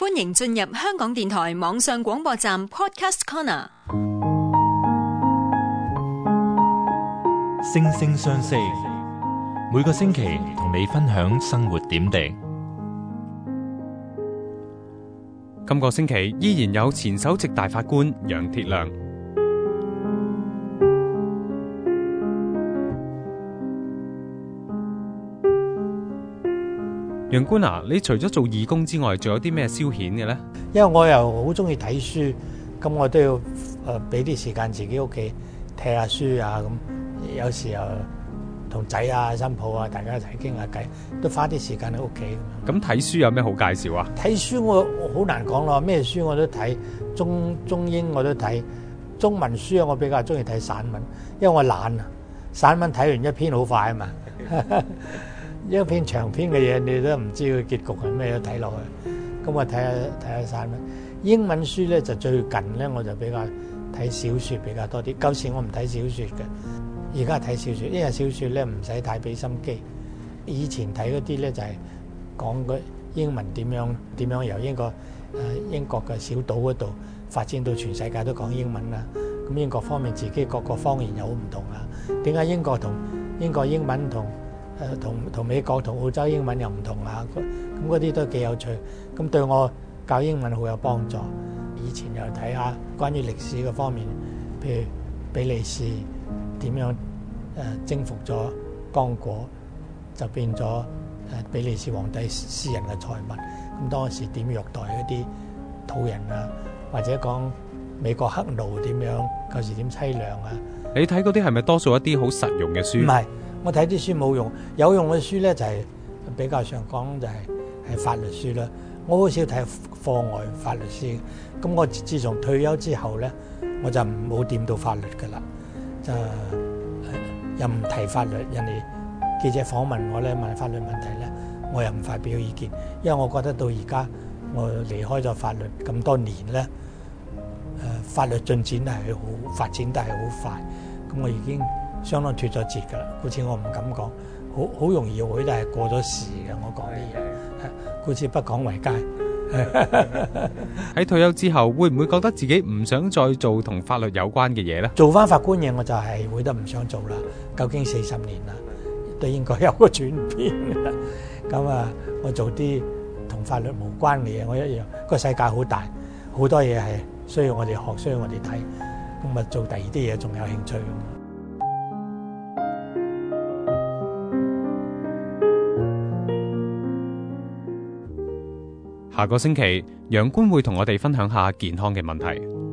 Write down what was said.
歡迎進入香港電台網上廣播站 Podcast Corner，星聲相識，每個星期同你分享生活點滴。今個星期依然有前首席大法官楊鐵樑。楊官啊，你除咗做義工之外，仲有啲咩消遣嘅咧？因為我又好中意睇書，咁我都要誒俾啲時間自己屋企睇下書啊，咁有時候同仔啊、新抱啊，大家一齊傾下偈，都花啲時間喺屋企。嗯，咁睇書有咩好介紹啊？睇書我好難講咯，咩書我都睇，中中英我都睇，中文書啊我比較中意睇散文，因為我懶啊，散文睇完一篇好快啊嘛。 一篇長篇嘅嘢，你都唔知佢結局係咩，都睇落去。咁我睇下睇下散啦。英文書咧就最近咧，我就比較睇小説比較多啲。舊時我唔睇小説嘅，而家睇小説，因為小説咧唔使太俾心機。以前睇嗰啲咧就係講個英文點樣點樣由英國誒英國嘅小島嗰度發展到全世界都講英文啦。咁英國方面自己各個方言又好唔同啦。點解英國同英國英文同？誒同同美國同澳洲英文又唔同啊！咁嗰啲都幾有趣，咁對我教英文好有幫助。以前又睇下關於歷史嘅方面，譬如比利時點樣誒征服咗剛果，就變咗誒比利時皇帝私人嘅財物。咁當時點虐待嗰啲土人啊？或者講美國黑奴點樣舊時點凄涼啊？你睇嗰啲係咪多數一啲好實用嘅書？唔係。我睇啲書冇用，有用嘅書咧就係比較上講就係係法律書啦。我好少睇課外法律書。咁我自從退休之後咧，我就唔冇掂到法律㗎喇，就、呃、又唔提法律。人哋記者訪問我咧，問法律問題咧，我又唔發表意見，因為我覺得到而家我離開咗法律咁多年咧，誒法律進展係好發展得係好快，咁我已經。相當脫咗節噶啦，故此我唔敢講，好好容易會，都係過咗時嘅，我講啲嘢，的故此不講為佳。喺退休之後，會唔會覺得自己唔想再做同法律有關嘅嘢咧？做翻法官嘢，我就係會得唔想做啦。究竟四十年啦，都應該有個轉變。咁啊，我做啲同法律無關嘅嘢，我一樣、這個世界好大，好多嘢係需要我哋學，需要我哋睇。咁啊，做第二啲嘢仲有興趣。下個星期，楊官會同我哋分享下健康嘅問題。